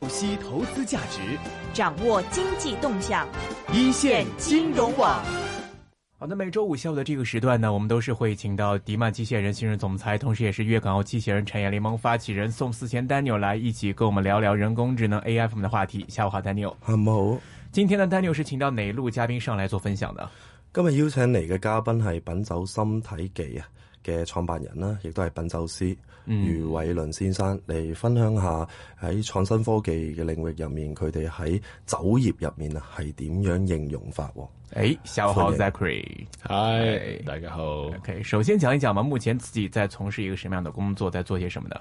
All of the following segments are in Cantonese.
剖析投資價值，掌握經濟動向，一綫金融網。好的，每周五下午的這個時段呢，我們都是會請到迪曼機械人新任總裁，同時也是粵港澳機械人產業聯盟發起人宋思賢 Daniel 來一起跟我們聊聊人工智能 AI 們的話題。下午好，Daniel。下午好。今天的 Daniel 是請到哪一路嘉賓上來做分享的？今日邀請嚟嘅嘉賓係品酒心睇記啊。嘅創辦人啦，亦都係品酒師余偉倫先生嚟、嗯、分享下喺創新科技嘅領域入面，佢哋喺酒業入面啊，係點樣應用法？誒、哎，你好迎，Zachary，Hi Hi,、哎、大家好。OK，首先講一講，我目前自己在從事一個什麼樣嘅工作，在做些什麼的。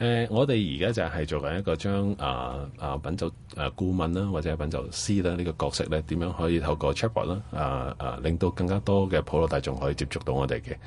誒、呃，我哋而家就係做緊一個將啊啊品酒誒顧問啦，或者品酒師啦呢個角色咧，點樣可以透過 channel 啦啊啊，令到更加多嘅普羅大眾可以接觸到我哋嘅。咁、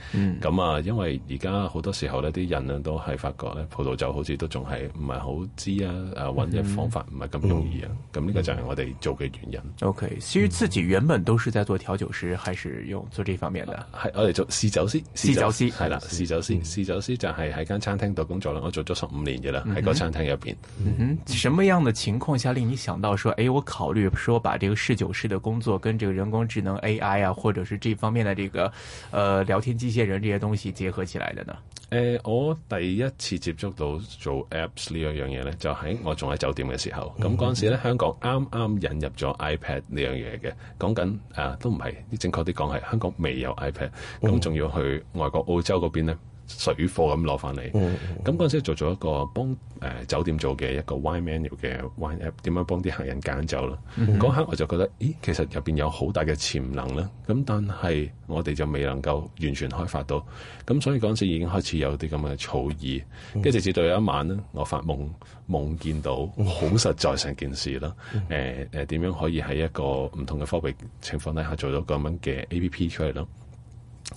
嗯、啊，因為而家好多時候呢啲人咧都係發覺咧，葡萄酒好似都仲係唔係好知啊，誒揾嘅方法唔係咁容易啊。咁呢、嗯嗯、個就係我哋做嘅原因。嗯、OK，至於自己原本都是在做調酒師，嗯、還是用做呢方面啊？係我哋做試酒師，試酒師係啦，試酒師，試酒師就係喺間餐廳度工作啦。我做咗五年嘅啦，喺、嗯、哼個餐廳入邊。嗯哼，什麼樣嘅情況下令你想到說，誒、欸，我考慮說，把這個試酒師嘅工作跟這個人工智能 AI 啊，或者是這方面的這個，呃，聊天機械人這些東西結合起來的呢？誒、呃，我第一次接觸到做 Apps 樣呢樣嘢咧，就喺我仲喺酒店嘅時候。咁嗰陣時咧，香港啱啱引入咗 iPad 呢樣嘢嘅，講緊啊，都唔係，正確啲講係香港未有 iPad，咁仲要去外國澳洲嗰邊呢。水貨咁攞翻嚟，咁嗰陣時做咗一個幫誒、呃、酒店做嘅一個 wine menu 嘅 wine app，點樣幫啲客人揀酒？啦、嗯？嗰刻我就覺得，咦，其實入邊有好大嘅潛能啦。咁但係我哋就未能夠完全開發到，咁所以嗰陣時已經開始有啲咁嘅草意。跟住、嗯、直至到有一晚咧，我發夢夢見到好實在成件事啦。誒誒、嗯，點、嗯呃、樣可以喺一個唔同嘅區域情況底下做到咁樣嘅 app 出嚟咯？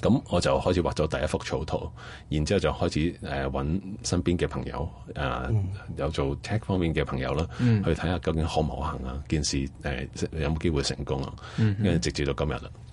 咁我就開始畫咗第一幅草圖，然之後就開始誒揾、呃、身邊嘅朋友，誒、呃嗯、有做 tech 方面嘅朋友啦，嗯、去睇下究竟可唔可行啊？件事誒、呃、有冇機會成功啊？因為、嗯、哼直至到今日啦。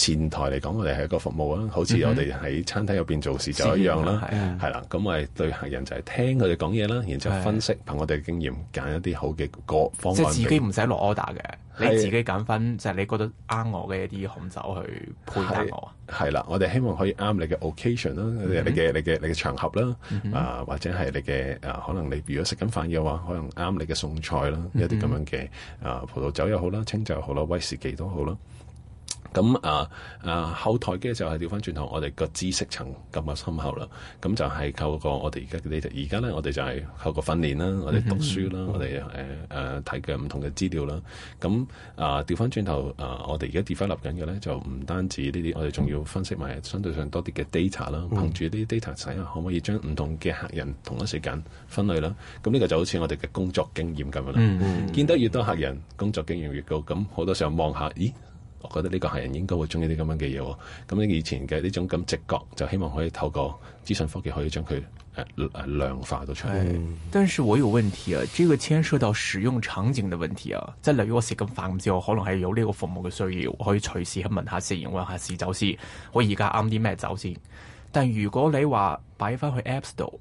前台嚟講，我哋係一個服務啦，好似我哋喺餐廳入邊做事就一樣啦，係啦。咁、啊啊啊、我哋對客人就係聽佢哋講嘢啦，然之後分析憑我哋經驗揀一啲好嘅個方案。即係、啊就是、自己唔使落 order 嘅，你自己揀分，啊、就係你覺得啱我嘅一啲紅酒去配搭我。係啦、啊啊，我哋希望可以啱你嘅 occasion 啦，你嘅你嘅你嘅場合啦，啊或者係你嘅啊、呃、可能你如果食緊飯嘅話，可能啱你嘅餸菜啦，一啲咁樣嘅啊葡萄酒又好啦，清酒又好啦，威士忌都好啦。咁啊啊，後台嘅就係調翻轉頭，我哋個知識層咁嘅深厚啦。咁、嗯、就係、是、靠個我哋而家，嘅 data，而家咧我哋就係靠個訓練啦、 嗯，我哋讀書啦，我哋誒誒睇嘅唔同嘅資料啦。咁啊調翻轉頭啊，我哋而家跌翻立緊嘅咧，就唔單止呢啲，我哋仲要分析埋相對上多啲嘅 data 啦。憑住啲 data 睇下，可唔可以將唔同嘅客人同一時間分類啦？咁呢個就好似我哋嘅工作經驗咁樣啦。見得越多客人，工作經驗越高，咁好多時候望下，咦？我覺得呢個客人應該會中意啲咁樣嘅嘢喎，咁呢以前嘅呢種咁直覺就希望可以透過資訊科技可以將佢誒誒量化到出嚟。嗯、但是我有問題啊，呢、呢個牽涉到使用場景嘅問題啊，即係例如我食緊飯之後，可能係有呢個服務嘅需要，可以隨時去問下食完餸係試酒師，我而家啱啲咩酒先。但如果你話擺翻去 Apps 度。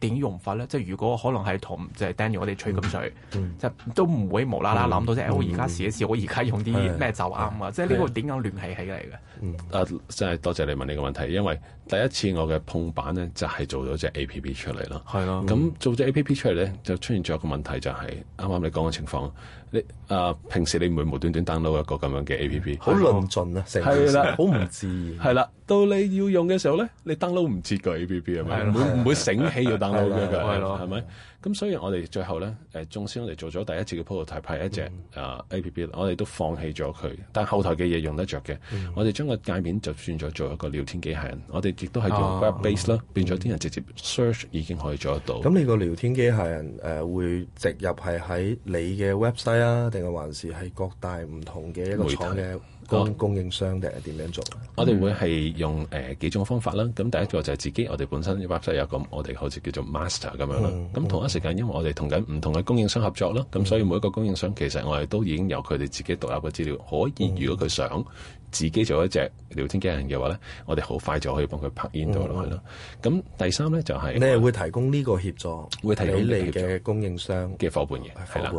點用法咧？即係如果可能係同即係 Daniel 我哋吹咁水，嗯、即係都唔會無啦啦諗到即係、嗯哎、我而家試一試，我而家用啲咩就啱、嗯嗯、啊！即係呢個點樣聯繫起嚟嘅？誒，真係多謝你問呢個問題，因為第一次我嘅碰板咧就係、是、做咗隻 A P P 出嚟咯。係咯。咁、嗯、做咗 A P P 出嚟咧，就出現咗一個問題就係啱啱你講嘅情況。你啊，平時你唔會無端端 download 一個咁樣嘅 A P P，好論盡啊，成件事，好唔自然。係啦， 到你要用嘅時候咧，你 download 唔切個 A P P 係咪？唔會唔會醒起要 download 咯？係咪？咁所以我哋最後咧，誒、呃，縱使我哋做咗第一次嘅 prototype，係一隻啊 A P P，我哋都放棄咗佢。但後台嘅嘢用得着嘅，mm hmm. 我哋將個界面就算咗做一個聊天機器人，我哋亦都係用 Web Base 啦，變咗啲人直接 search 已經可以做得到。咁你個聊天機器人誒、呃、會植入係喺你嘅 website 啊，定係還是係各大唔同嘅一個廠嘅？供供應商定係點樣做？嗯、 我哋會係用誒、呃、幾種方法啦。咁第一個就係自己，我哋本身有個，我哋好似叫做 Master 咁樣啦。咁、嗯、同一時間，因為我哋同緊唔同嘅供應商合作啦，咁所以每一個供應商其實我哋都已經有佢哋自己獨立嘅資料，可以如果佢想，嗯自己做一隻聊天機器人嘅話咧，我哋好快就可以幫佢拍 inbox 落去咯。咁、嗯、第三咧就係、是、你係會提供呢個協助，會提供你嘅供應商嘅夥伴嘅，係啦。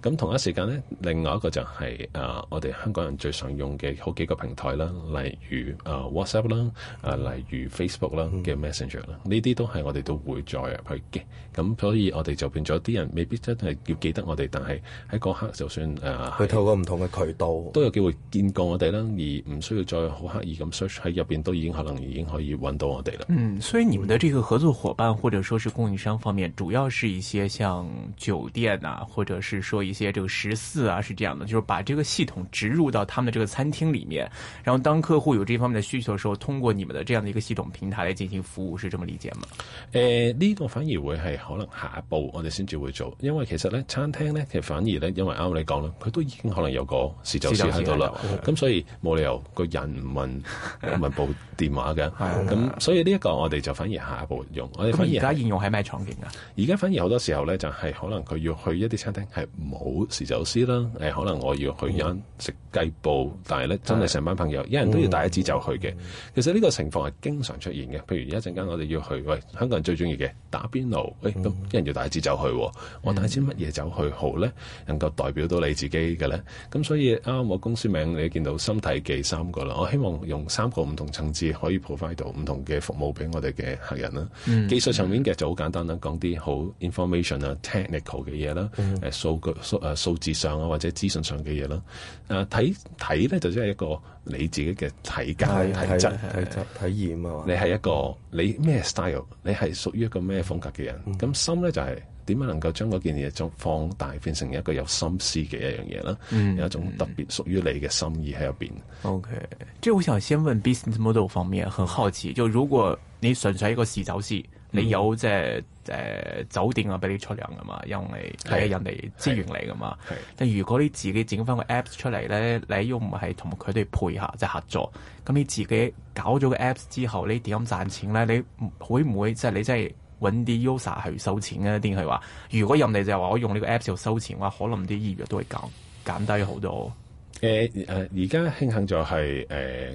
咁同一時間咧，另外一個就係、是、啊、呃，我哋香港人最常用嘅好幾個平台啦，例如啊、呃、WhatsApp 啦、呃，啊例如 Facebook 啦嘅 Messenger 啦、嗯，呢啲都係我哋都會再入去嘅。咁所以我哋就變咗啲人，未必真係要記得我哋，但係喺嗰刻就算誒，去、呃、透過唔同嘅渠道都有機會見過我哋啦。而唔需要再好刻意咁 search 喺，入邊都已經可能已經可以揾到我哋啦。嗯，所以你們的這個合作夥伴或者說是供應商方面，主要是一些像酒店啊，或者是說一些這個食肆啊，是這樣的，就是把這個系統植入到他們的這個餐廳裡面，然後當客戶有這方面的需求的時候，通過你們的這樣的一個系統平台來進行服務，是這麼理解嗎？誒、呃、呢、這個反而會係可能下一步我哋先至會做，因為其實咧餐廳咧，其實反而咧，因為啱啱你講啦，佢都已經可能有個試酒師喺度啦，咁所以。冇理由個人唔問問部電話嘅，咁 所以呢一個我哋就反而下一步用。我咁而家應用係咩場景啊？而家反而好多時候咧，就係可能佢要去一啲餐廳，係冇侍酒師啦。誒，可能我要去飲食雞煲，嗯、但係咧真係成班朋友、嗯、一人都要帶一支酒去嘅。其實呢個情況係經常出現嘅。譬如一陣間我哋要去，喂，香港人最中意嘅打邊爐，咁、欸、一人要帶一支酒去，我帶支乜嘢酒去好咧？能夠代表到你自己嘅咧？咁所以啱我公司名，你見到心體。記三個啦，我希望用三個唔同層次可以 provide 到唔同嘅服務俾我哋嘅客人啦、啊。嗯、技術上面嘅就好簡單啦，講啲好 information、嗯、啊、technical 嘅嘢啦，誒數據數誒數字上啊或者資訊上嘅嘢啦。誒睇睇咧就即係一個你自己嘅體感、體質、體體驗啊。你係一個你咩 style？你係屬於一個咩風格嘅人？咁、嗯、心咧就係、是。點樣能夠將嗰件嘢就放大，變成一個有心思嘅一樣嘢啦？嗯、有一種特別屬於你嘅心意喺入邊。O K，即係我想先問 business model 方面，很好奇。嗯、就如果你純粹一個侍酒師，你有即係誒酒店啊俾你出糧噶嘛？因為係人哋資源嚟噶嘛。但如果你自己整翻個 apps 出嚟咧，你又唔係同佢哋配合，即、就、係、是、合作，咁你自己搞咗個 apps 之後，你點樣賺錢咧？你會唔會即係、就是、你真係？揾啲 user 去收錢啊？定係話，如果任你就話我用呢個 apps 要收錢嘅話，可能啲醫藥都會減減低好多。誒、欸，誒，而家慶幸就係誒。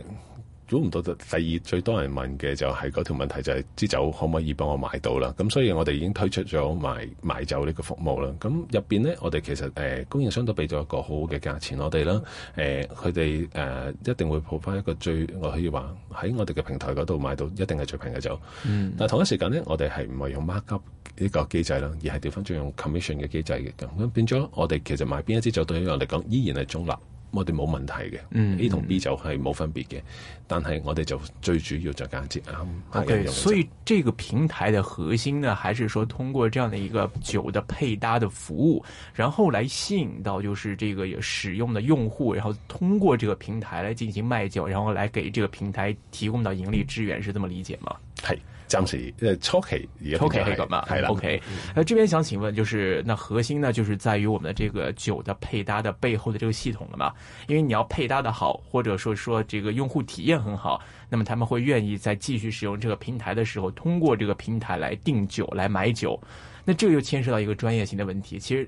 估唔到第二最多人問嘅就係嗰條問題就係、是、支酒可唔可以幫我買到啦？咁所以我哋已經推出咗買買酒呢個服務啦。咁入邊咧，我哋其實誒、呃、供應商都俾咗一個好好嘅價錢我哋啦。誒佢哋誒一定會鋪翻一個最，我可以話喺我哋嘅平台嗰度買到一定係最平嘅酒。嗯，但同一時間咧，我哋係唔係用 mark up 呢個機制啦，而係調翻轉用 commission 嘅機制嘅咁變咗。我哋其實買邊一支酒對我嚟講依然係中立。我哋冇問題嘅，A 同 B 就係冇分別嘅，但係我哋就最主要就價值啱。O.K. 所以這個平台的核心呢，還是說通過這樣的一個酒的配搭的服務，然後來吸引到就是這個使用的用戶，然後通過這個平台來進行賣酒，然後來給這個平台提供到盈利資源，是咁樣理解嗎？係。張 Sir，誒 OK，OK，那這邊想請問，就是，那核心呢，就是在於我們的這個酒的配搭的背後的這個系統了嘛？因為你要配搭的好，或者說說這個用戶體驗很好，那麼他們會願意在繼續使用這個平台的時候，通過這個平台來訂酒，來買酒，那這個又牽涉到一個專業性的問題，其實。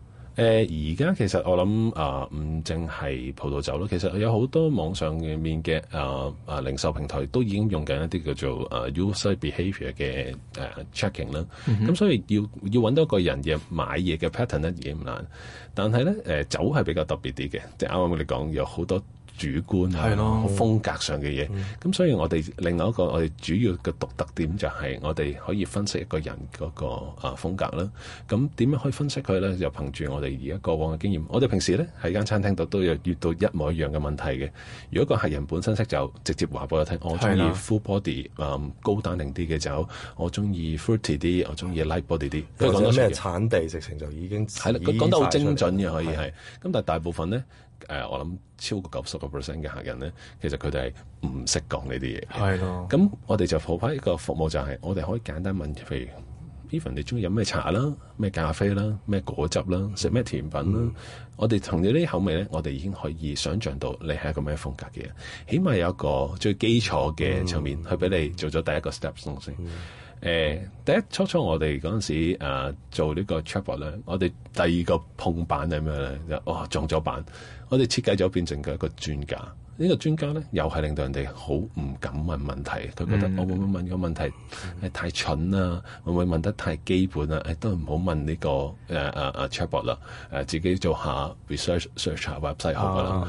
誒，而家其實我諗啊，唔淨係葡萄酒咯，其實有好多網上嘅面嘅啊啊零售平台都已經用緊一啲叫做誒、呃、user behavior 嘅誒、呃、checking 啦。咁、mm hmm. 所以要要搵到一個人嘅買嘢嘅 pattern 咧已經唔難，但係咧誒酒係比較特別啲嘅，即係啱啱我哋講有好多。主觀啊，的風格上嘅嘢，咁、嗯、所以我哋另外一個我哋主要嘅獨特點就係我哋可以分析一個人嗰、那個啊風格啦。咁點樣可以分析佢咧？就憑住我哋而家過往嘅經驗，我哋平時咧喺間餐廳度都有遇到一模一樣嘅問題嘅。如果個客人本身識就直接話俾我聽，我中意 full body 啊的、嗯，高單寧啲嘅酒，我中意 fruity 啲，我中意 light body 啲。佢講到咩產地，直情就已經係啦。佢講得好精準嘅，可以係。咁但係大部分咧。誒、呃，我諗超過九十個 percent 嘅客人咧，其實佢哋係唔識講呢啲嘢嘅。係咯的。咁我哋就鋪排一個服務就係，我哋可以簡單問，譬如 Even 你中意飲咩茶啦，咩咖啡啦，咩果汁啦，食咩甜品啦。嗯、我哋同你呢啲口味咧，我哋已經可以想像到你係一個咩風格嘅人。起碼有一個最基礎嘅層面，佢俾、嗯、你做咗第一個 steps 嘅、嗯呃、第一初初我哋嗰陣時、呃、做呢個 travel 咧，我哋第二個碰板係咩咧？就哦撞咗板。我哋設計咗變成個一個專家。這個、專家呢個專家咧，又係令到人哋好唔敢問問題。佢覺得我會唔會問個問題係太蠢啦、啊？會唔會問得太基本啊？誒、哎，都唔好問呢、這個誒誒誒 chatbot 啦。誒、uh, uh, 呃，自己做下 research，search 下 website 好噶啦。Uh huh.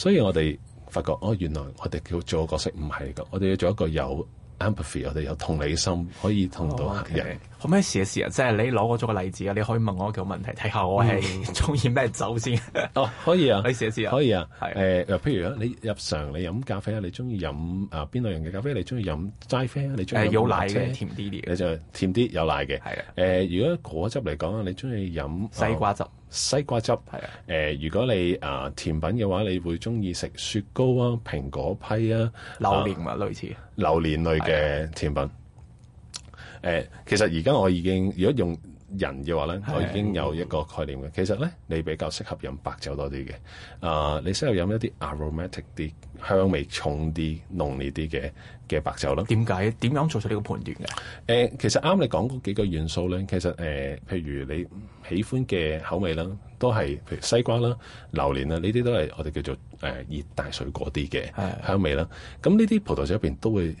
所以我哋發覺哦，原來我哋叫做個角色唔係㗎，我哋要做一個有 empathy，我哋有同理心，可以同到客人。Uh huh. Okay. 可唔可以試一試啊？即係你攞我做個例子啊。你可以問我個問題，睇下我係中意咩酒先。哦，可以啊！可以試一試啊！可以啊，係誒，譬如啊，你日常你飲咖啡啊，你中意飲啊邊類型嘅咖啡？你中意飲齋啡啊？你中意飲奶啡？甜啲啲，你就甜啲有奶嘅。係啊，誒，如果果汁嚟講啊，你中意飲西瓜汁？西瓜汁係啊。誒，如果你啊甜品嘅話，你會中意食雪糕啊、蘋果批啊、榴蓮啊，類似榴蓮類嘅甜品。誒，其實而家我已經如果用人嘅話咧，的我已經有一個概念嘅。其實咧，你比較適合飲白酒多啲嘅。啊、呃，你適合飲一啲 aromatic 啲、香味重啲、濃、嗯、烈啲嘅嘅白酒啦。點解？點樣做出呢個判斷嘅？誒、欸，其實啱你講嗰幾個元素咧，其實誒、呃，譬如你喜歡嘅口味啦。都係，譬如西瓜啦、榴槤啊，呢啲都係我哋叫做誒、呃、熱帶水果啲嘅香味啦。咁呢啲葡萄酒入邊都會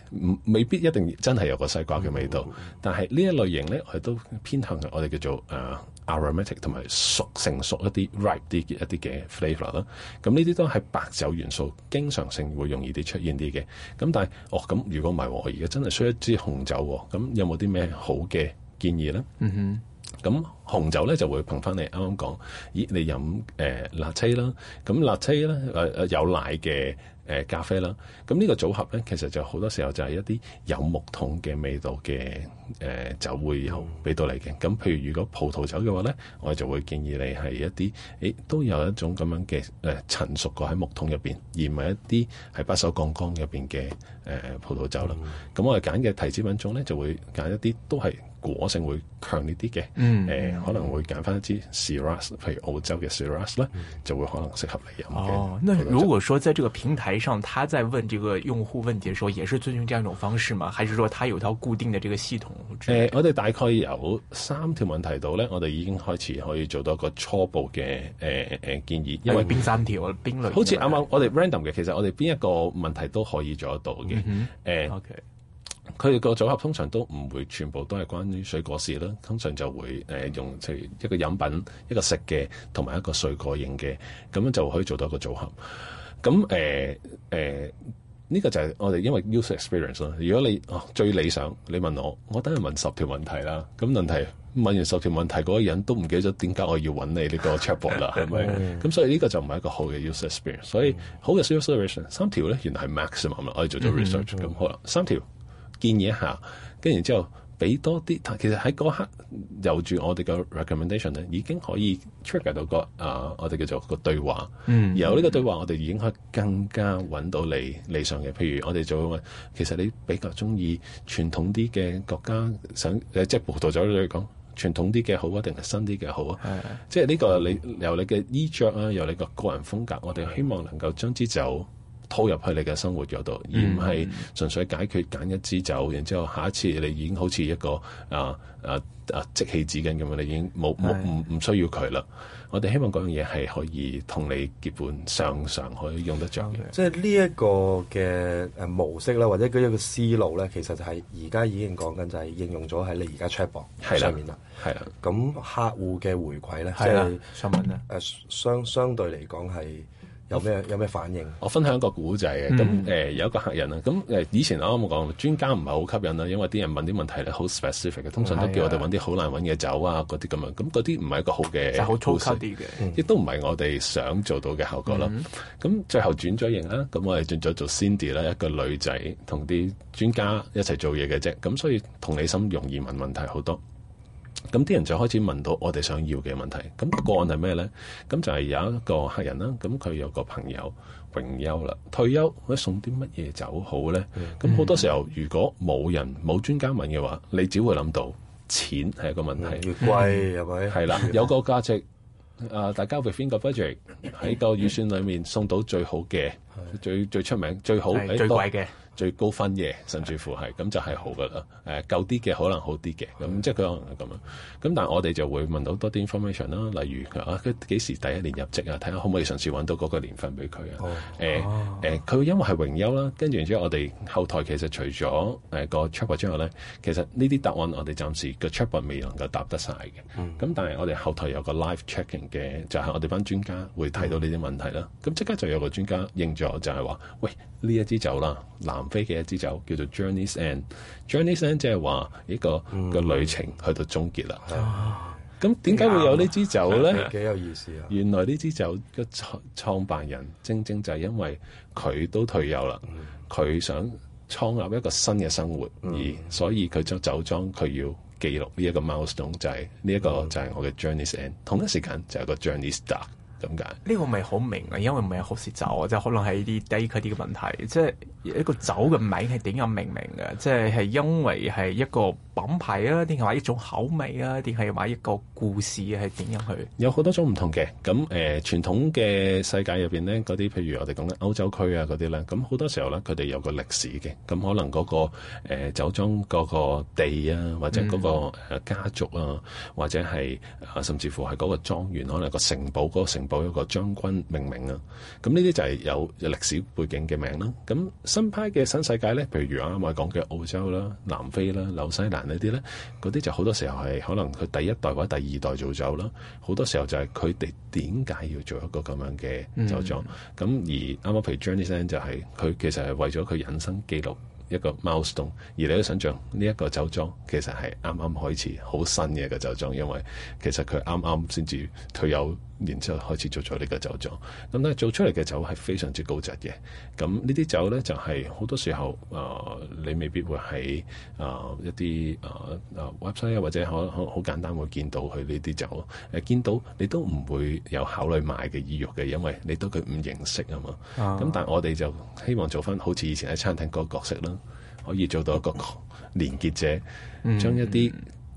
未必一定真係有個西瓜嘅味道。嗯、但係呢一類型咧，我哋都偏向我哋叫做誒、呃、aromatic 同埋熟成熟一啲 ripe 啲嘅一啲嘅 flavor 啦。咁呢啲都係白酒元素經常性會容易啲出現啲嘅。咁但係哦，咁如果唔係我而家真係需要一支紅酒喎、啊，咁有冇啲咩好嘅建議咧？嗯哼。咁紅酒咧就會憑翻你啱啱講，咦你飲誒拿車啦，咁拿鐵咧誒誒有奶嘅誒、呃、咖啡啦，咁呢個組合咧其實就好多時候就係一啲有木桶嘅味道嘅誒、呃、酒會有俾到你嘅。咁譬如如果葡萄酒嘅話咧，我哋就會建議你係一啲誒都有一種咁樣嘅誒陳熟過喺木桶入邊，而唔係一啲係不鏽鋼缸入邊嘅誒葡萄酒啦。咁我哋揀嘅提子品種咧就會揀一啲都係，果性會強烈啲嘅，誒、嗯呃、可能會揀翻一支 Shiraz，譬如澳洲嘅 Shiraz 咧，就會可能適合你飲。哦，那如果說在這個平台上，他在問這個用戶問題嘅時候，也是遵循這樣一種方式嗎？還是說他有一套固定嘅這個系統？誒、呃，我哋大概有三條問題度咧，我哋已經開始可以做到一個初步嘅誒誒建議。因為邊、呃、三條？邊類？好似啱啱我哋 random 嘅，其實我哋邊一個問題都可以做得到嘅。誒、嗯。Okay. 佢哋個組合通常都唔會全部都係關於水果事啦，通常就會誒、呃、用即、就是、一個飲品、一個食嘅，同埋一個水果型嘅，咁樣就可以做到一個組合。咁誒誒呢個就係我哋因為 user experience 咯。如果你、啊、最理想，你問我，我等陣問十條問題啦。咁問題問完十條問題嗰、那個人都唔記得點解我要揾你呢個 chatbot 啦，係咪？ 咁 Okay. 所以呢個就唔係一個好嘅 user experience。所以好嘅 u solution 三條咧，原來係 maximum 啦。我哋做咗 research 咁，可能三條。吧建議一下，跟然之後俾多啲，其實喺嗰刻由住我哋嘅 recommendation 咧，已經可以 trigger 到個啊，我哋叫做個對話。嗯，由呢個對話，嗯、我哋已經可以更加揾到你、嗯、理想嘅。譬如我哋做其實你比較中意傳統啲嘅國家，想誒即係葡萄酒。你講，傳統啲嘅好啊，定係新啲嘅好啊？係即係呢、呢個你、嗯、由你嘅衣着啊，由你個個人風格，我哋希望能夠將之就。拖入去你嘅生活度，而唔係純粹解決揀一支酒，然之後下一次你已經好似一個啊啊啊即棄紙巾咁樣，你已經冇冇唔唔需要佢啦。我哋希望嗰樣嘢係可以同你結伴常常可以用得着嘅。即係呢一個嘅誒模式啦，或者嗰一個思路咧，其實就係而家已經講緊就係應用咗喺你而家 chatbot 上面啦。係啦。咁客戶嘅回饋咧，係啦的。即係新聞是啊。誒，相相對嚟講係。有咩有咩反應？我分享一個古仔嘅咁誒，有一個客人啦咁誒。以前我啱啱講專家唔係好吸引啦，因為啲人問啲問題咧好 specific 嘅，通常都叫我哋揾啲好難揾嘅酒啊嗰啲咁啊。咁嗰啲唔係一個好嘅，好粗級啲嘅，亦事、嗯、都唔係我哋想做到嘅效果咯。咁、嗯、最後轉咗型啦，咁我哋轉咗做 Cindy 啦，一個女仔同啲專家一齊做嘢嘅啫。咁所以同理心容易問問題好多。咁啲人就開始問到我哋想要嘅問題。咁、那個案係咩咧？咁就係有一個客人啦。咁佢有個朋友榮休啦，退休，或者送啲乜嘢酒好咧？咁好多時候，如果冇人冇專家問嘅話，你只會諗到錢係一個問題，越貴係咪？係啦，的 有個價值啊，大家 within the budget 喺個預算裡面送到最好嘅、最最出名、最好最貴嘅。最高分嘅，甚至乎係咁的就係好噶啦。誒舊啲嘅可能好啲嘅，咁即係佢可能係咁樣。咁但係我哋就會問到多啲 information 啦，例如佢啊，佢幾時第一年入職啊？睇下可唔可以嘗試揾到嗰個年份俾佢啊。誒誒，佢因為係榮休啦，跟住然之後我哋後台其實除咗誒、呃、個 t r a c k u p 之外咧，其實呢啲答案我哋暫時個 t r a c k u p 未能夠答得晒嘅。嗯。咁但係我哋後台有個 live checking 嘅，就係、是、我哋班專家會睇到呢啲問題啦。咁、嗯嗯、即刻就有個專家應咗，就係話：喂！喂呢一支酒啦，南非嘅一支酒叫做 Journey’s End。Journey’s End 即係話呢個、嗯、個旅程去到終結啦。咁點解會有呢支酒咧？幾、嗯、有意思啊！原來呢支酒嘅創創辦人，正正就係因為佢都退休啦，佢、嗯、想創立一個新嘅生活，嗯、而所以佢將酒莊佢要記錄呢一個 milestone，就係呢一個就係我嘅 Journey’s End。嗯、同一時間就係個 Journey’s Dark。咁解？呢個咪好明啊，因為唔係好識酒啊，嗯、即係可能係啲低級啲嘅問題，即係一個酒嘅名係點樣命名嘅？即係係因為係一個品牌啊，定係話一種口味啊，定係話一個故事係點樣去？有好多種唔同嘅。咁誒傳統嘅世界入邊咧，嗰啲譬如我哋講嘅歐洲區啊嗰啲啦，咁好多時候咧，佢哋有個歷史嘅。咁可能嗰、嗰個誒、呃、酒莊嗰、嗰個地啊，或者嗰個誒家族啊，或者係、嗯、甚至乎係嗰個莊園，可能個城堡嗰、嗰個城堡。保一個將軍命名啊！咁呢啲就係有歷史背景嘅名啦。咁新派嘅新世界咧，譬如我啱啱講嘅澳洲啦、南非啦、紐西蘭呢啲咧，嗰啲就好多時候係可能佢第一代或者第二代做酒啦。好多時候就係佢哋點解要做一個咁樣嘅酒莊？咁、嗯、而啱啱譬如 j o h n n s e 三就係、是、佢其實係為咗佢人生記錄一個 milestone。而你都想象呢一個酒莊其實係啱啱開始好新嘅一個酒莊，因為其實佢啱啱先至退休。然之後開始做咗呢個酒莊，咁咧做出嚟嘅酒係非常之高質嘅。咁呢啲酒咧就係、是、好多時候，誒、呃、你未必會喺誒、呃、一啲誒誒 website 或者可可好簡單會見到佢呢啲酒。誒、呃、見到你都唔會有考慮買嘅意欲嘅，因為你都佢唔認識啊嘛。咁但係我哋就希望做翻好似以前喺餐廳嗰個角色啦，可以做到一個連結者，將一啲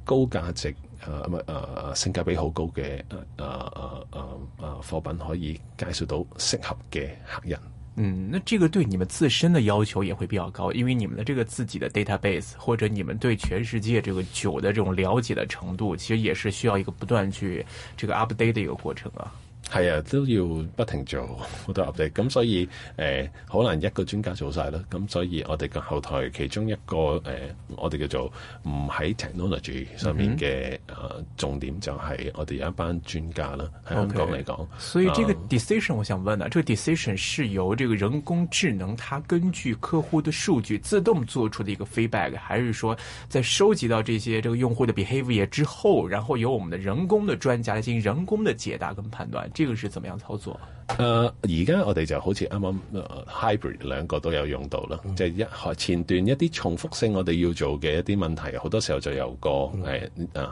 高價值。嗯誒咁性價比好高嘅誒誒誒誒誒貨品可以介紹到適合嘅客人。嗯，那這個對你們自身的要求也會比較高，因為你們的這個自己的 database 或者你們對全世界這個酒的這種了解的程度，其實也是需要一個不斷去這個 update 嘅一個過程啊。係啊，都要不停做好多 update 咁，所以誒好、呃、難一個專家做晒啦。咁、嗯、所以，我哋嘅後台其中一個誒、呃、我哋叫做唔喺 technology 上面嘅誒、嗯、呃、重點就係我哋有一班專家啦。喺 Okay, 香港嚟講，所以這個 decision、呃、我想問啊，這個 decision 是由這個人工智能，它根據客戶的數據自動做出的一個 feedback，還是說在收集到這些這個用戶的 behaviour 之後，然後由我們的人工的專家來進行人工的解答跟判斷？呢個是怎麼樣操作？誒、呃，而家我哋就好似啱啱 hybrid 兩個都有用到啦，即係、嗯、一前段一啲重複性我哋要做嘅一啲問題，好多時候就由個誒誒誒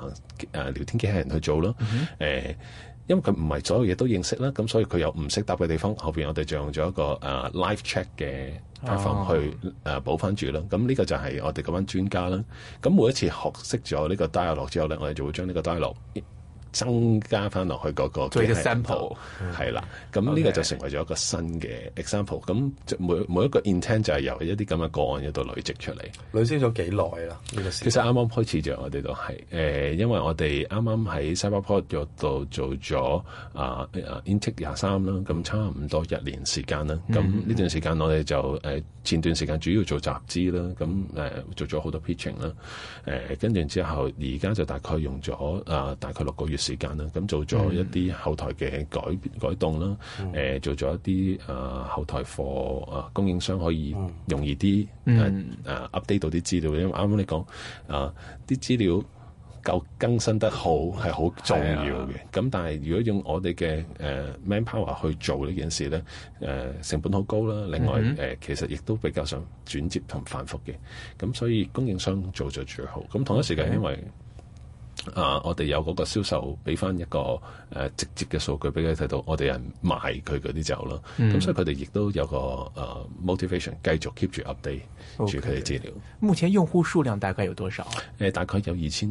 聊天機器人去做咯。誒、嗯哼呃，因為佢唔係所有嘢都認識啦，咁所以佢有唔識答嘅地方，後邊我哋就用咗一個誒、呃、live check 嘅 platform 去誒補翻住啦。咁呢個就係我哋嗰班專家啦。咁每一次學識咗呢個 dialogue 之後咧，我哋就會將呢個 dialogue。增加翻落去個做個做嘅 sample 係啦、嗯，咁呢個就成為咗一個新嘅 example。咁每 Okay. 每一個 intent 就係由一啲咁嘅個案嗰度累積出嚟。累積咗幾耐啦？這個、時其實啱啱開始就我哋都係誒、呃、因為我哋啱啱喺 Cyberport 嗰度做咗啊啊 intake 廿三啦，咁、啊、差唔多一年時間啦。咁、啊、呢段時間我哋就誒、啊、前段時間主要做集資啦，咁、啊、誒、啊、做咗好多 pitching 啦、啊，誒跟住之後而家就大概用咗啊大概六個月。時間啦，咁做咗一啲後台嘅改、mm. 改動啦，誒、呃、做咗一啲誒、呃、後台貨誒、呃、供應商可以容易啲誒 update 到啲資料，因為啱啱你講啊啲資料夠更新得好係好重要嘅，咁、啊、但係如果用我哋嘅誒、呃、manpower 去做呢件事咧，誒、呃、成本好高啦，另外誒、mm. 呃、其實亦都比較想轉接同繁複嘅，咁所以供應商做咗最好，咁同一時間因為。Okay. 啊！我哋有嗰個銷售俾翻一個誒、呃、直接嘅數據俾佢睇到，我哋人賣佢嗰啲酒咯。咁、嗯啊、所以佢哋亦都有個誒、呃、motivation 繼續 keep 住 update 住佢哋資料。Okay. 目前用戶數量大概有多少啊、呃？大概有二千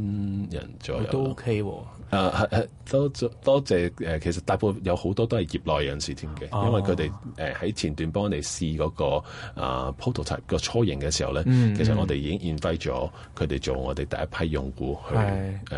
人左右都 OK 喎、哦啊。多謝多謝誒，其實大部分有好多都係業內人士添嘅，因為佢哋誒喺前段幫我哋試嗰、那個啊、呃、prototype 個初型嘅時候咧，其實我哋已經 invite 咗佢哋做我哋第一批用戶去。嗯嗯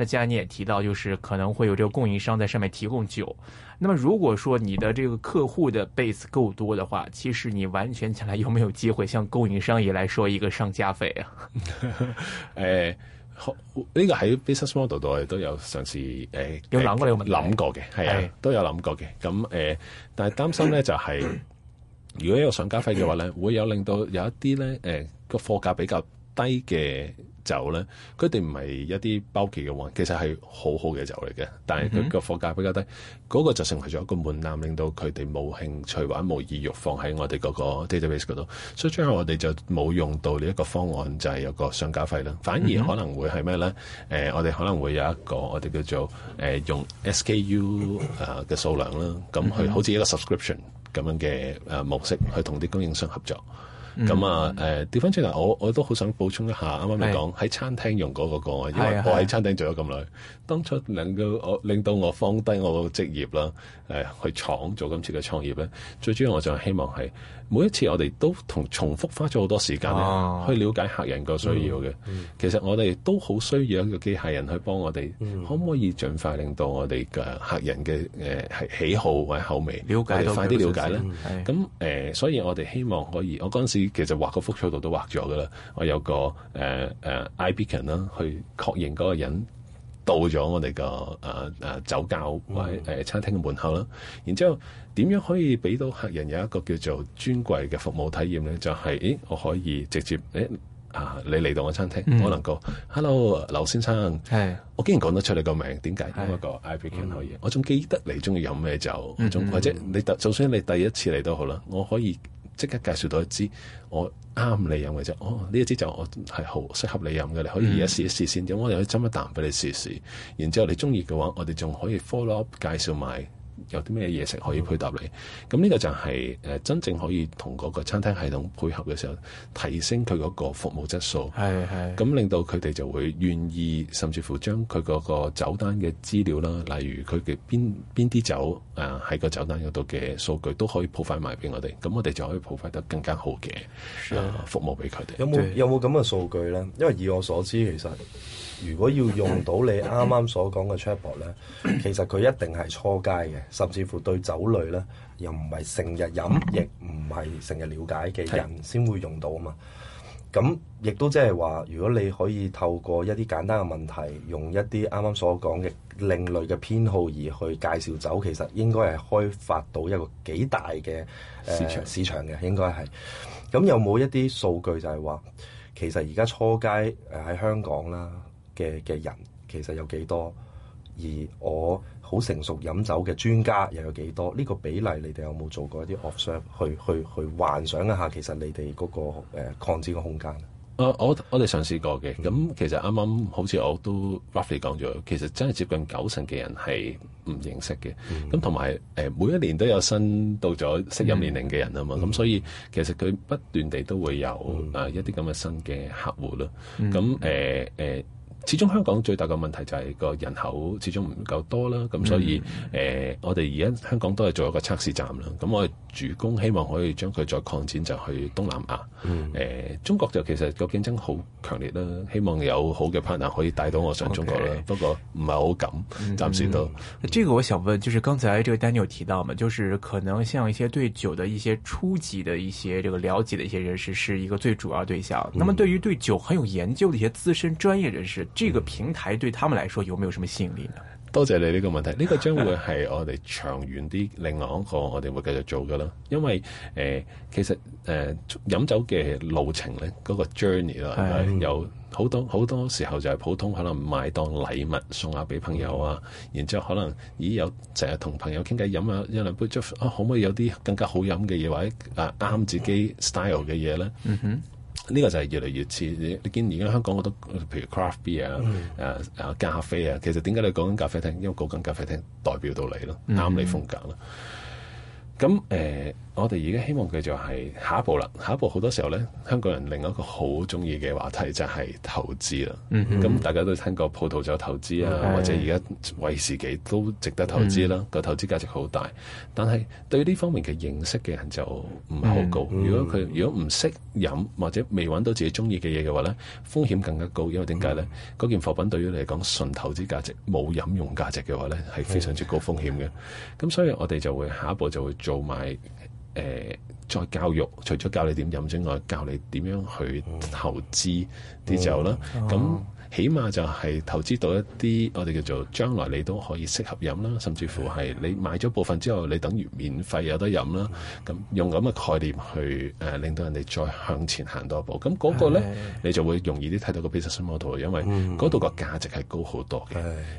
那既然你也提到，就是可能會有這個供應商在上面提供酒，那麼如果說你的這個客戶的 base 夠多的話，其實你完全起來有沒有機會向供應商也來說一個上架費啊？誒、 呃，呢、這個喺 business model 度都有嘗試誒，呃、有諗、呃、過，你有冇諗過嘅，係啊，都有諗過嘅。咁、嗯、誒、呃，但係擔心咧就係、是， 如果有個上架費嘅話咧，會有令到有一啲咧誒個貨價比較低嘅。酒咧，佢哋唔係一啲包期嘅運，其實係好好嘅酒嚟嘅，但係佢個貨價比較低，嗰、mm hmm. 個就成為咗一個門檻，令到佢哋冇興趣玩，冇意欲放喺我哋嗰個 database 嗰度，所以最後我哋就冇用到呢一個方案，就係、是、有個上架費啦。反而可能會係咩咧？誒、mm hmm. 呃，我哋可能會有一個我哋叫做誒、呃、用 SKU 誒嘅數量啦，咁去好似一個 subscription 咁樣嘅誒模式去同啲供應商合作。咁、嗯、啊，誒、呃、調翻轉頭，我我都好想補充一下，啱啱你講喺是餐廳用、嗰個個案，因為我喺餐廳做咗咁耐，啊、當初能夠我令到我放低我個職業啦，誒、呃、去創造今次嘅創業咧，最主要我就希望係每一次我哋都同重複花咗好多時間、啊、去了解客人個需要嘅。啊、其實我哋都好需要一個機械人去幫我哋，嗯、可唔可以盡快令到我哋嘅客人嘅誒係喜好或者口味，了解快啲了解咧。咁誒所以我哋希望可以，我陣時。其實畫個幅圖度都畫咗噶啦，我有個誒誒 I P 卡啦，去確認嗰個人到咗我哋個誒誒酒窖或者誒餐廳嘅門口啦。然之後點樣可以俾到客人有一個叫做尊貴嘅服務體驗咧？就係誒我可以直接誒啊，你嚟到我餐廳，可能個 Hello 劉先生係，我竟然講得出你個名，點解？因為個 I P 卡可以，我仲記得你中意飲咩酒，或者你就算你第一次嚟都好啦，我可以。即刻介紹到一支我啱你飲嘅啫，哦呢一支就我係好適合你飲嘅，你可以而家試一試先，咁、嗯、我哋可以斟一啖俾你試試，然之後你中意嘅話，我哋仲可以 follow up 介紹埋。有啲咩嘢食可以配搭你？咁呢、嗯、個就係誒真正可以同嗰個餐廳系統配合嘅時候，提升佢嗰個服務質素。係係。咁令到佢哋就會願意，甚至乎將佢嗰個酒單嘅資料啦，例如佢嘅邊邊啲酒啊喺、呃、個酒單嗰度嘅數據都可以鋪發埋俾我哋，咁我哋就可以鋪發得更加好嘅的、呃、服務俾佢哋。有冇有冇咁嘅數據咧？因為以我所知，其實。如果要用到你啱啱所講嘅 chatbot 咧，其實佢一定係初階嘅，甚至乎對酒類咧又唔係成日飲，亦唔係成日了解嘅人先會用到啊嘛。咁亦都即係話，如果你可以透過一啲簡單嘅問題，用一啲啱啱所講嘅另類嘅偏好而去介紹酒，其實應該係開發到一個幾大嘅誒、呃、市場，市場嘅，應該係。咁有冇一啲數據就係話，其實而家初階誒喺香港啦？嘅嘅人其實有幾多？而我好成熟飲酒嘅專家又有幾多？呢、這個比例你哋有冇做過一啲 offset 去去去幻想一下？其實你哋嗰、那個抗、呃、擴展嘅空間？啊，我我哋嘗試過嘅。咁、嗯、其實啱啱好似我都 roughly 講咗，其實真係接近九成嘅人係唔認識嘅。咁同埋誒每一年都有新到咗適飲年齡嘅人啊嘛。咁、嗯嗯、所以其實佢不斷地都會有誒、嗯啊、一啲咁嘅新嘅客戶囉。咁誒誒。嗯嗯嗯始終香港最大嘅問題就係個人口始終唔夠多啦，咁所以誒、嗯呃，我哋而家香港都係做一個測試站啦。咁我哋主攻希望可以將佢再擴展就去東南亞。誒、嗯呃，中國就其實個競爭好強烈啦，希望有好嘅 partner 可以帶到我上中國嘅，嗯、okay，不過唔係好敢暫時都。呢、嗯嗯嗯、個我想問，就是剛才呢個 Daniel 提到嘛，就是可能像一些對酒的一些初級的一些這個了解的一些人士，是一個最主要對象。嗯、那麼對於對酒很有研究的一些資深專業人士。這個平台對他們來說有沒有什麼吸引力呢？多謝你呢個問題，呢、這個將會係我哋長遠啲 另外一個我哋會繼續做噶啦。因為誒、呃，其實誒，飲、呃、酒嘅路程咧，嗰、那個 journey 啊、哎呀，有好多好、嗯、多時候就係普通可能買當禮物送下俾朋友啊，嗯、然之後可能咦有成日同朋友傾偈飲下，飲一兩杯酒啊，可唔可以有啲更加好飲嘅嘢或者誒啱、啊、自己 style 嘅嘢咧？嗯哼。嗯呢個就係越嚟越似你，你見而家香港好多，譬如 craft beer、嗯、啊，誒誒咖啡啊，其實點解你講緊咖啡廳？因為嗰間咖啡廳代表到你啦，啱、嗯嗯、你風格啦。咁、嗯、誒。呃我哋而家希望佢就係下一步啦。下一步好多時候咧，香港人另外一個好中意嘅話題就係投資啦。咁、mm hmm. 大家都聽過葡萄酒投資啊，Okay. 或者而家威士忌都值得投資啦。個、mm hmm. 投資價值好大，但係對呢方面嘅認識嘅人就唔係好高、mm hmm. 如。如果佢如果唔識飲或者未揾到自己中意嘅嘢嘅話咧，風險更加高，因為點解咧？嗰、mm hmm. 件貨品對於你嚟講純投資價值冇飲用價值嘅話咧，係非常之高風險嘅。咁、mm hmm. 所以我哋就會下一步就會做埋。誒、呃，再教育，除咗教你點飲之外，教你點樣去投資啲酒啦，咁、嗯。那起碼就係投資到一啲我哋叫做將來你都可以適合飲啦，甚至乎係你買咗部分之後，你等於免費有得飲啦。咁、嗯、用咁嘅概念去誒、呃，令到人哋再向前行多一步。咁嗰個咧，是你就會容易啲睇到個 business model，因為嗰度個價值係高好多嘅。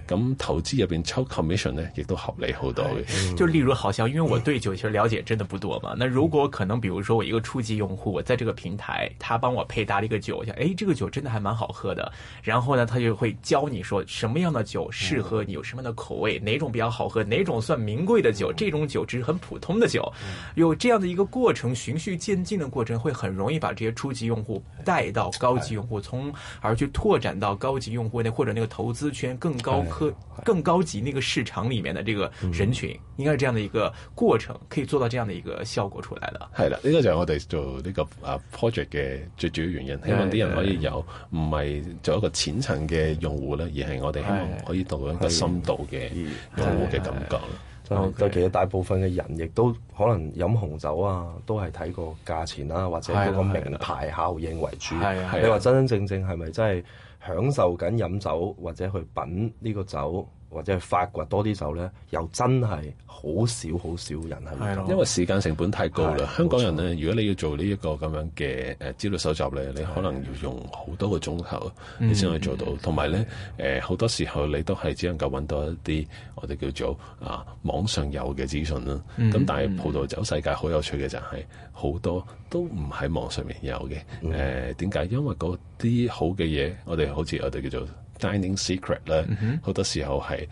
咁、嗯、投資入邊抽 commission 咧，亦都合理好多嘅。就例如，好像因為我對酒其實了解真的不多嘛，那如果可能，比如說我一個初級用戶，我喺這個平台，他幫我配搭了一個酒，想，哎，這個酒真的還蠻好喝的，然然後呢，他就會教你說什麼樣的酒適合你，有什麼樣的口味、嗯，哪種比較好喝，哪種算名貴的酒，這種酒只是很普通的酒。有、嗯、這樣的一個過程，循序漸進的過程，會很容易把這些初級用戶帶到高級用戶，從而去拓展到高級用戶那或者那個投資圈更高科、更高級那個市場裏面的這個人群，應該是這樣的一個過程，可以做到這樣的一個效果出來的。係啦，呢、這個就係我哋做呢個啊 project 嘅最主要原因，希望啲人可以有唔係做一個前。淺層嘅用戶咧，而係我哋希望可以到一個深度嘅用戶嘅感覺咯。但、okay. 其實大部分嘅人亦都可能飲紅酒啊，都係睇個價錢啦、啊，或者嗰個名牌效應為主。你話真真正正係咪真係享受緊飲酒，或者去品呢個酒？或者係發掘多啲走咧，又真係好少好少人係，的吧因為時間成本太高啦。的香港人咧，錯如果你要做呢一個咁樣嘅誒資料搜集咧，的你可能要用好多個鐘頭，你先可以做到。同埋咧，誒好、嗯、多時候你都係只能夠搵到一啲我哋叫做啊網上有嘅資訊啦。咁、嗯、但係葡萄酒世界好有趣嘅就係、是、好、嗯嗯、多都唔喺網上面有嘅。誒點解？因為嗰啲好嘅嘢，我哋好似我哋叫做。Dining secret 咧、mm，好、hmm. 好多時候係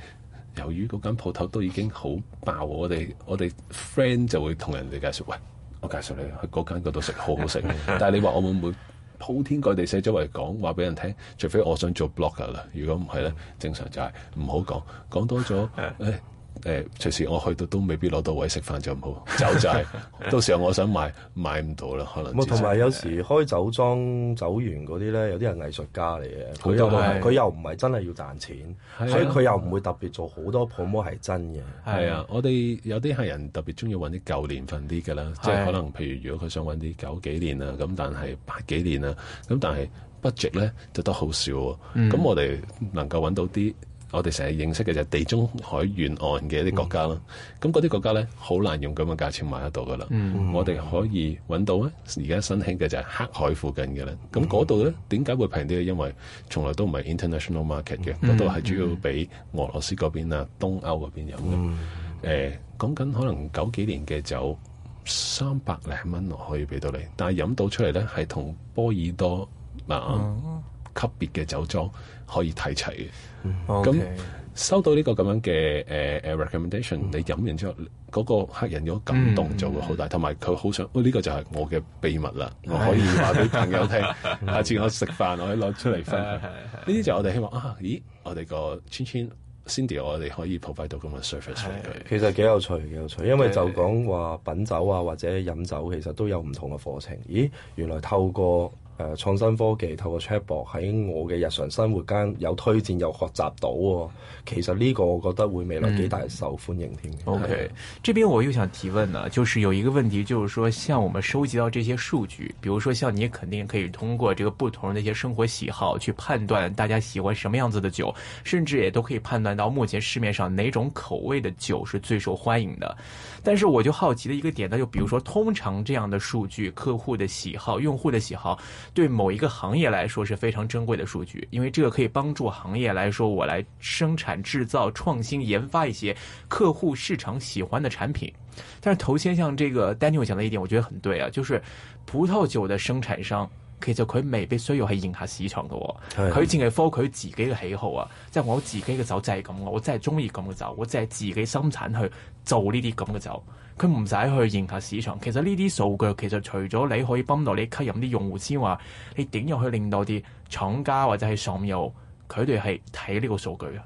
由於嗰間鋪頭都已經好爆我，我哋我哋 friend 就會同人哋介紹，喂，我介紹你去嗰間嗰度食，好好食。 但係你話我會唔會鋪天蓋地寫咗嚟講話俾人聽？除非我想做 blogger 啦。如果唔係咧，正常就係唔好講，講多咗。 哎誒隨時我去到都未必攞到位食飯，就唔好走債，到時候我想買買唔到啦，可能。冇，同埋有時開酒莊酒園嗰啲咧，有啲係藝術家嚟嘅，佢又佢又唔係真係要賺錢，所以佢又唔會特別做好多 promo 係真嘅。係啊，我哋有啲客人特別中意揾啲舊年份啲㗎啦，即係可能譬如如果佢想揾啲九幾年啊，咁但係八幾年啊，咁但係 budget 咧就得好少。咁我哋能夠揾到啲。我哋成日認識嘅就係地中海沿岸嘅一啲國家啦，咁嗰啲國家咧好難用咁嘅價錢買得到噶啦。嗯、我哋可以揾到咧，而家新興嘅就係黑海附近嘅啦。咁嗰度咧點解會平啲咧？因為從來都唔係 international market 嘅，嗰度係主要俾俄羅斯嗰邊啊、東歐嗰邊飲嘅。誒、嗯，講緊、欸、可能九幾年嘅酒，三百零蚊我可以俾到你，但係飲到出嚟咧係同波爾多難。啊嗯級別嘅酒莊可以睇齊嘅，咁 Okay. 收到呢個咁樣嘅誒誒 recommendation，、mm. 你飲完之後，嗰、那個客人如果感動就會好大，同埋佢好想，哇、哦、呢、這個就係我嘅秘密啦，我可以話俾朋友聽，下次 我食飯我可以攞出嚟分享。呢啲就我哋希望啊，咦，我哋個千千 Cindy 我哋可以 provide 到咁嘅 service、mm. 他其實幾有趣，幾有趣，因為就講話品酒啊，或者飲酒，其實都有唔同嘅課程。咦，原來透過。誒創新科技透過 Chatbot 喺我嘅日常生活間有推薦又學習到喎、哦，其實呢個我覺得會未來幾大受歡迎嘅、嗯。O、okay, K，這邊我又想提問呢、啊、就是有一個問題，就是說，像我們收集到這些數據，比如說，像你肯定可以通過這個不同的一些生活喜好去判斷大家喜歡什麼樣子的酒，甚至也都可以判斷到目前市面上哪種口味的酒是最受歡迎的。但是我就好奇的一個點呢，就是、比如說，通常這樣的數據，客戶的喜好、用戶的喜好。對某一個行業來說是非常珍貴的數據，因為這個可以幫助行業來說，我來生產、製造、創新、研發一些客戶市場喜歡的產品。但是頭先像這個 Daniel 講的一點，我覺得很對啊，就是葡萄酒的生產商可以在魁每克所有係迎合市場噶，佢前期科佢自己嘅喜好啊，即係我自己嘅酒就係咁，我再中意咁嘅酒，我再係自己生產去做呢啲咁嘅酒。佢唔使去迎合市場，其實呢啲數據其實除咗你可以幫到你吸引啲用戶之外，你點樣去令到啲廠家或者係上游佢哋係睇呢個數據啊？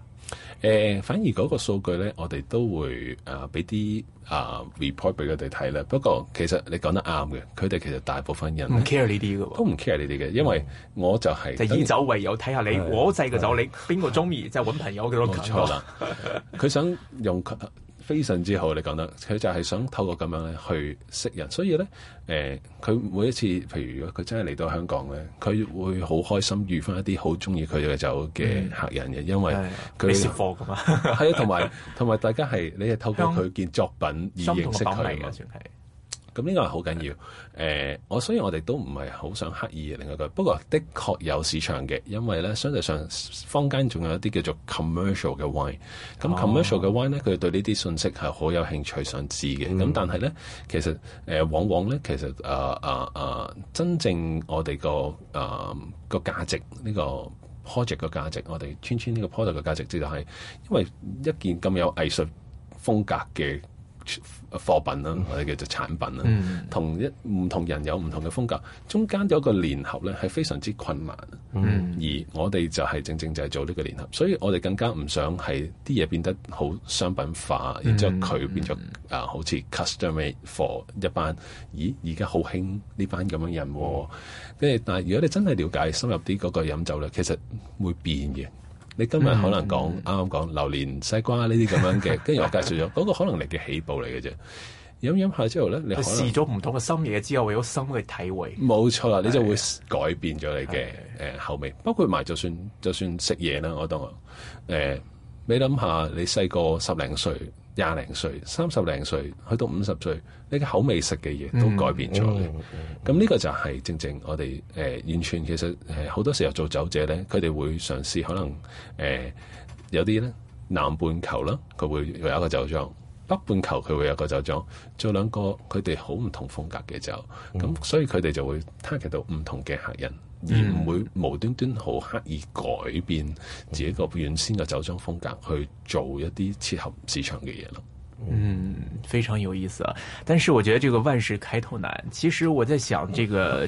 誒、呃，反而嗰個數據咧，我哋都會誒俾啲誒 report 俾佢哋睇啦。不過其實你講得啱嘅，佢哋其實大部分人唔 care 呢啲嘅，都唔 care 你哋嘅，因為我就係、是、就以酒為由睇下你我製嘅酒，你邊個中意就揾朋友嘅咯，啦。佢想用 非常之好，你講得，佢就係想透過咁樣咧去識人，所以咧，誒、呃，佢每一次譬如如果佢真係嚟到香港咧，佢會好開心遇返一啲好中意佢嘅酒嘅客人嘅，嗯、因為佢識貨噶嘛，係啊是，同埋同埋大家係你係透過佢件作品而認識佢嘅，算係。咁呢個係好緊要，誒、呃，我所以我哋都唔係好想刻意另一個，不過的確有市場嘅，因為咧相對上坊間仲有一啲叫做 commercial 嘅 wine，咁、oh. commercial 嘅 wine 咧，佢對呢啲信息係好有興趣想知嘅，咁、mm. 但係咧其實誒、呃、往往咧其實誒誒誒，真正我哋個誒個價值呢、呢個 project 嘅價值，我哋穿穿呢個 project 嘅價值，就係、是、因為一件咁有藝術風格嘅。貨品啦，嗯、或者叫做產品啦，嗯、同一唔同人有唔同嘅風格，中間有一個聯合咧，係非常之困難。嗯、而我哋就係正正就係做呢個聯合，所以我哋更加唔想係啲嘢變得好商品化，嗯、然之後佢變咗啊、嗯呃，好似 custom made for 一班，咦，而家好興呢班咁樣人。跟住，但係如果你真係了解深入啲嗰個飲酒咧，其實會變嘅。你今日可能講啱啱、嗯、講榴蓮西瓜呢啲咁樣嘅，跟住我介紹咗嗰 個可能係嘅起步嚟嘅啫。飲飲下之後咧，你試咗唔同嘅心嘢之後，會有心去體會。冇錯啦，你就會改變咗你嘅誒口味。包括埋就算就算食嘢啦，我當誒你諗下，你細個十零歲。廿零歲、三十零歲，去到五十歲，呢個口味食嘅嘢都改變咗嘅。咁呢、嗯嗯嗯、個就係正正我哋誒完全其實誒好、呃、多時候做酒者咧，佢哋會嘗試可能誒、呃、有啲咧南半球啦，佢會有一個酒莊；北半球佢會有個酒莊，做兩個佢哋好唔同風格嘅酒。咁、嗯、所以佢哋就會 target 到唔同嘅客人。而唔會無端端好刻意改變自己個原先嘅酒莊風格，去做一啲切合市場嘅嘢咯。嗯，非常有意思啊！但是我覺得這個萬事開頭難，其實我在想這個。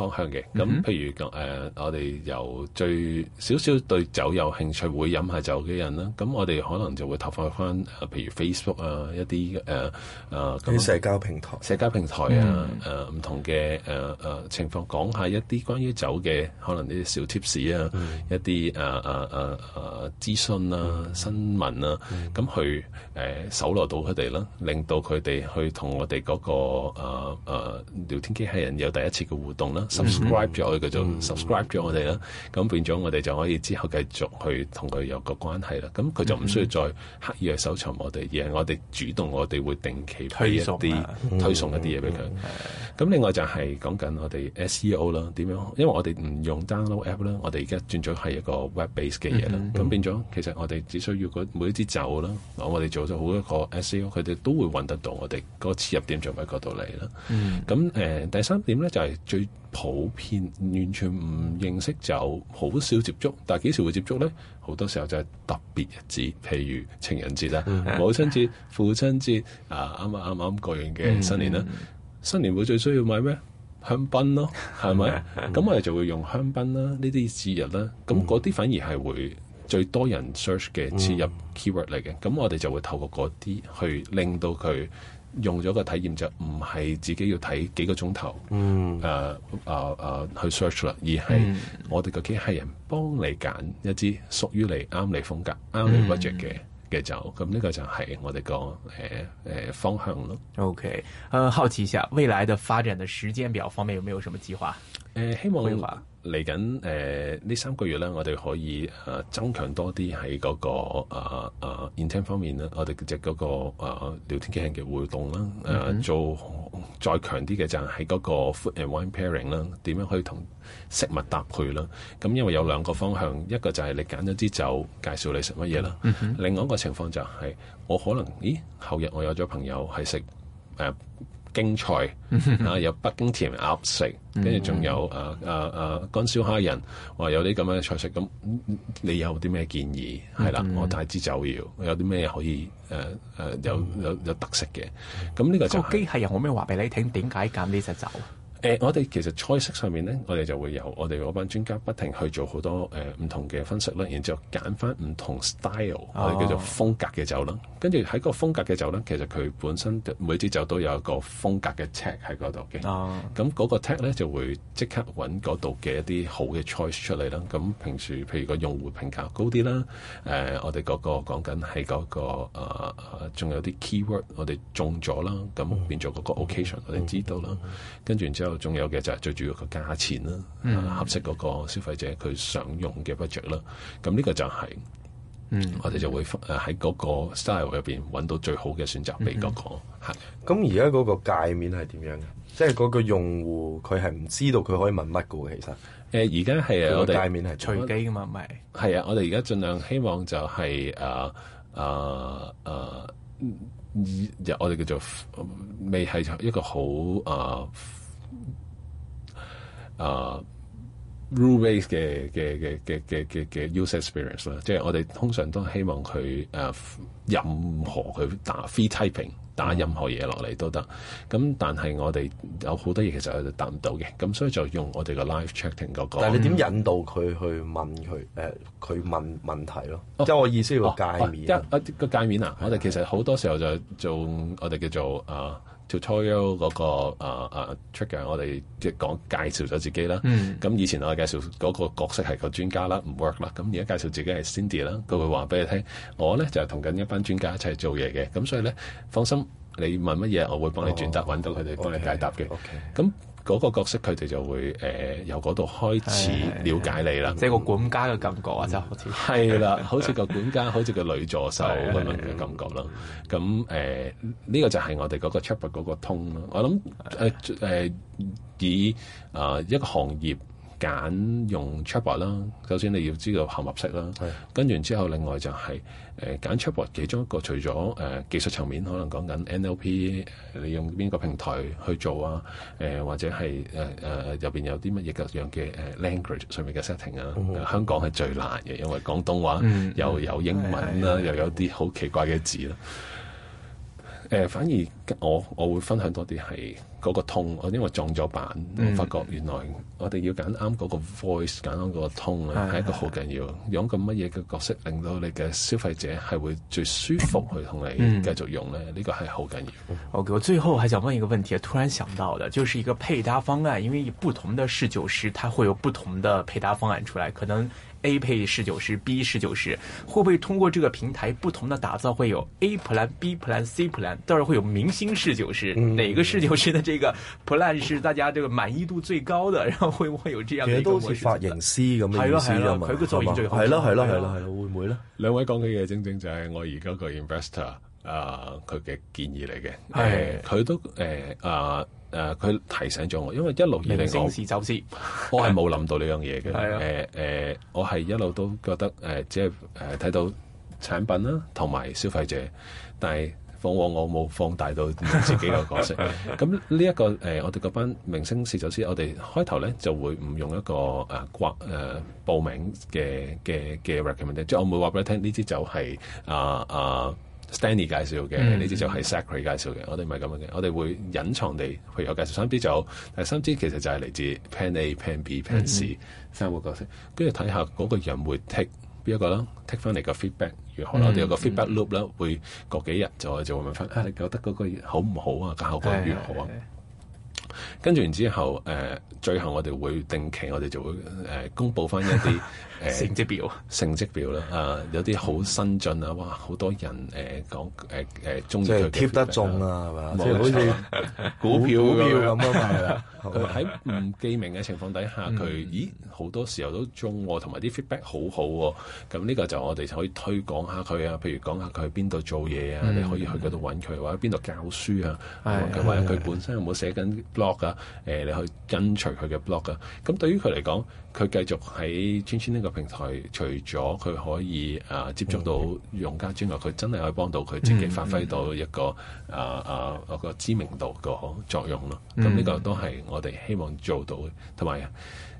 方向嘅咁，譬、嗯、如誒我哋由最少少對酒有興趣，會飲下酒嘅人啦，咁我哋可能就會投放翻誒譬如 Facebook 啊一、嗯，一啲誒誒咁社交平台，社交平台啊、嗯，誒唔、啊嗯啊、同嘅誒誒情況講下一啲關於酒嘅可能呢啲小 tips 啊，嗯、一啲誒誒誒誒資訊啊，啊，啊，啊新聞啊咁去誒搜羅到佢哋啦，令到佢哋去同我哋、嗰個誒誒、啊啊、聊天機器人有第一次嘅互動啦。subscribe 咗佢叫做 subscribe 咗我哋啦，咁變咗我哋就可以之後繼續去同佢有個關係啦。咁佢就唔需要再刻意去搜尋我哋，而係我哋主動，我哋會定期一推一啲、啊、推送一啲嘢俾佢。咁、嗯嗯啊、另外就係講緊我哋 SEO 啦，點樣？因為我哋唔用 download app 啦，我哋而家轉咗係一個 web base 嘅嘢啦。咁、嗯嗯、變咗其實我哋只需要每一支酒啦，我我哋做咗好多個 SEO，佢哋都會揾得到我哋個切入點從，從邊個度嚟啦？咁、呃、誒第三點咧就係最。普遍完全唔認識就好少接觸，但係幾時會接觸咧？好多時候就係特別日子，譬如情人節啦、嗯、母親節、父親節啊，啱啱啱啱過完嘅新年啦。嗯、新年會最需要買咩？香檳咯，係咪？咁我哋就會用香檳啦，呢啲節日啦，咁嗰啲反而係會最多人 search 嘅切入 keyword 嚟嘅。咁、嗯、我哋就會透過嗰啲去令到佢。用咗個體驗，就唔係自己要睇幾個鐘頭，誒誒誒去 search 啦，而係我哋個機器人幫你揀一支屬於你啱你風格、啱、嗯、你 budget 嘅嘅酒。咁呢個就係我哋個誒誒方向咯。OK，誒、uh, 好奇一下，未來嘅發展嘅時間表方面有冇有什麼計劃？誒希望嚟緊誒呢三個月咧，我哋可以誒、呃、增強多啲喺嗰個啊啊 intent 方面咧，我哋嘅隻嗰個、呃、聊天機器嘅互動啦，誒、呃嗯、哼做再強啲嘅就係喺嗰個 food and wine pairing 啦，點樣可以同食物搭配啦？咁、呃、因為有兩個方向，嗯、哼一個就係你揀咗支酒，介紹你食乜嘢啦；嗯、哼另外一個情況就係、是、我可能，咦後日我有咗朋友係食誒。呃京菜 啊，有北京甜鴨食，跟住仲有誒誒誒乾燒蝦仁，話有啲咁樣嘅菜式。咁你有啲咩建議係啦、嗯？我帶支酒要，有啲咩可以誒誒、啊啊、有有有特色嘅？咁呢個就係、個機械人，我咩話俾你聽？點解揀呢隻酒？誒、欸、我哋其實 choice 上面咧，我哋就會有我哋嗰班專家不停去做好多誒唔、呃、同嘅分析啦，然之後揀翻唔同 style，我哋叫做風格嘅酒啦。Oh. 跟住喺個風格嘅酒咧，其實佢本身每支酒都有一個風格嘅 tag 喺度嘅。哦，咁個個 tag 咧就會即刻揾度嘅一啲好嘅 choice 出嚟啦。咁平時譬如個用戶評價高啲啦，誒、呃、我哋個講緊係個誒誒仲有啲 keyword 我哋中咗啦，咁變咗個 occasion 我哋知道啦，跟住然之後。仲有嘅就係最主要個價錢啦，嗯、合適嗰個消費者佢想用嘅 budget 啦。咁呢個就係，我哋就會喺嗰個 style 入邊揾到最好嘅選擇俾嗰個。係咁而家嗰個界面係點樣嘅？即係嗰個用戶佢係唔知道佢可以問乜嘅。其實誒，而家係我哋界面係隨機噶嘛，咪係啊？我哋而家盡量希望就係誒誒誒，以、啊啊啊、我哋叫做未係一個好誒。啊啊 rule-based 嘅嘅嘅嘅嘅嘅嘅 user experience 啦，即係我哋通常都希望佢誒任何佢打 free typing 打任何嘢落嚟都得，咁但係我哋有好多嘢其實佢答唔到嘅，咁所以就用我哋個 live checking 嚟講、嗯。但係你點引導佢去問佢誒佢問問題咯？即係、oh, 我意思個界面。一係個界面啊！我哋其實好多時候就做、嗯、我哋叫做啊。tutorial 嗰、那個、呃、啊啊出嘅，Trigger，我哋即係講介紹咗自己啦。咁、mm。以前我介紹嗰個角色係個專家啦，唔 work 啦。咁而家介紹自己係 Cindy 啦，佢會話俾你聽，我咧就係同緊一班專家一齊做嘢嘅。咁所以咧，放心，你問乜嘢，我會幫你轉達，揾、oh, okay, okay。到佢哋幫你解答嘅。OK，咁 okay.、嗯。嗰個角色佢哋就會誒、呃、由嗰度開始了解你啦，即係個管家嘅感覺啊，即、嗯、好似係啦，好似個管家，好似個女助手咁樣嘅感覺啦。咁誒呢個就係我哋嗰個出發嗰個通咯。我諗誒誒以啊、呃、一個行業。揀用 Chatbot 啦，首先你要知道合唔合適啦，的跟完之後另外就係、是、誒揀、呃、Chatbot 其中一個除，除咗誒技術層面可能講緊 NLP，你用邊個平台去做啊？誒、呃、或者係誒誒入邊有啲乜嘢嘅樣嘅誒 language 上面嘅 setting 啊、mm hmm. 呃？香港係最難嘅，因為廣東話又有英文啦，mm hmm. 又有啲好、mm hmm. 奇怪嘅字啦。誒、呃、反而我我，我會分享多啲係。嗰個 tone，我因為撞咗板，我發覺原來我哋要揀啱嗰個 voice，揀啱嗰個 tone 啊，係一個好緊要。嗯、用咁乜嘢嘅角色令到你嘅消費者係會最舒服去同你繼續用咧？呢、嗯、個係好緊要。OK，我最後還想問一個問題，突然想到嘅，就是一個配搭方案，因為不同的試酒師，他會有不同嘅配搭方案出嚟。可能。A 配試酒師，B 試酒師，會不會通過這個平台不同的打造，會有 A plan、B plan、C plan，到時會有明星試酒師，嗯、哪個試酒師的這個 plan 是大家這個滿意度最高的，然後會不會有這樣的模式的。都是髮型師咁嘅意思嘅嘛？係咯係咯、佢個作用最好、係咯係咯，會唔會咧？兩位講嘅嘢正正就係我而家個 investor 啊、呃、佢嘅建議嚟嘅，佢的、呃、都誒啊。呃呃呃誒佢、呃、提醒咗我，因為一路以嚟我係冇諗到呢樣嘢嘅。誒誒、 呃呃，我係一路都覺得誒，即係誒睇到產品啦、啊，同埋消費者，但係往往我冇放大到自己嘅角色。咁呢一個誒、呃，我哋嗰班明星試酒師，我哋開頭咧就會唔用一個誒掛誒報名嘅嘅嘅 recommend，、er, 即係我唔會話俾你聽，呢啲就係、是、啊、呃、啊。啊 Stanley 介紹嘅呢啲就係 Sacred 介紹嘅，我哋唔係咁樣嘅，我哋會隱藏地譬如我介紹三支酒，但係三支其實就係嚟自 Pan A、Pan B、Pan C、嗯、三個角色，跟住睇下嗰個人會 take 邊一個啦，take 翻嚟個 feedback 如何啦，有、嗯、個 feedback loop 啦，會過幾日就就問翻啊，你覺得嗰個好唔好啊？效果如何啊？跟住然之後誒。呃最後我哋會定期，我哋就會誒、呃、公佈翻一啲、呃、 成績表，成績表啦，啊有啲好新進啊，哇好多人誒、呃、講誒誒中意佢，呃、即係貼得中啊，係嘛吧，即係好似股票咁啊。 佢喺唔記名嘅情況底下，佢、嗯、咦好多時候都中喎、哦，同埋啲 feedback 好好、哦、喎。咁呢個就我哋就可以推廣下佢啊，譬如講下佢去邊度做嘢啊，嗯、你可以去嗰度揾佢，或者邊度教書啊，佢、嗯、或者佢本身有冇寫緊 blog 啊？誒、嗯，你去跟隨佢嘅 blog 啊。咁、嗯、對於佢嚟講。佢繼續喺村村呢個平台，除咗佢可以啊接觸到用家之外，佢真係可以幫到佢自己發揮到一個、mm hmm. 啊啊個知名度個作用咯。咁、啊、呢個都係我哋希望做到，同埋、啊。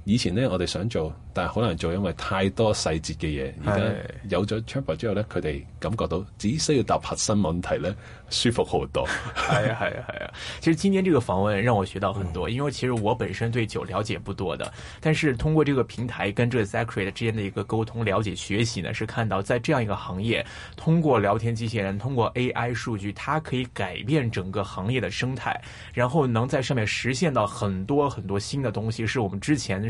以前呢，我哋想做，但係好難做，因為太多細節嘅嘢。而家有咗 Chamber 之後呢，佢哋感覺到只需要答核心問題呢，舒服好多。係啊係啊係啊！其實今天這個訪問讓我學到很多，因為其實我本身對酒了解不多的，但是通過這個平台跟這 Zachary 之間的一個溝通了解學習呢，是看到在這樣一個行業，通過聊天機器人，通過 AI 數據，它可以改變整個行業的生態，然後能在上面實現到很多很多新的東西，是我們之前。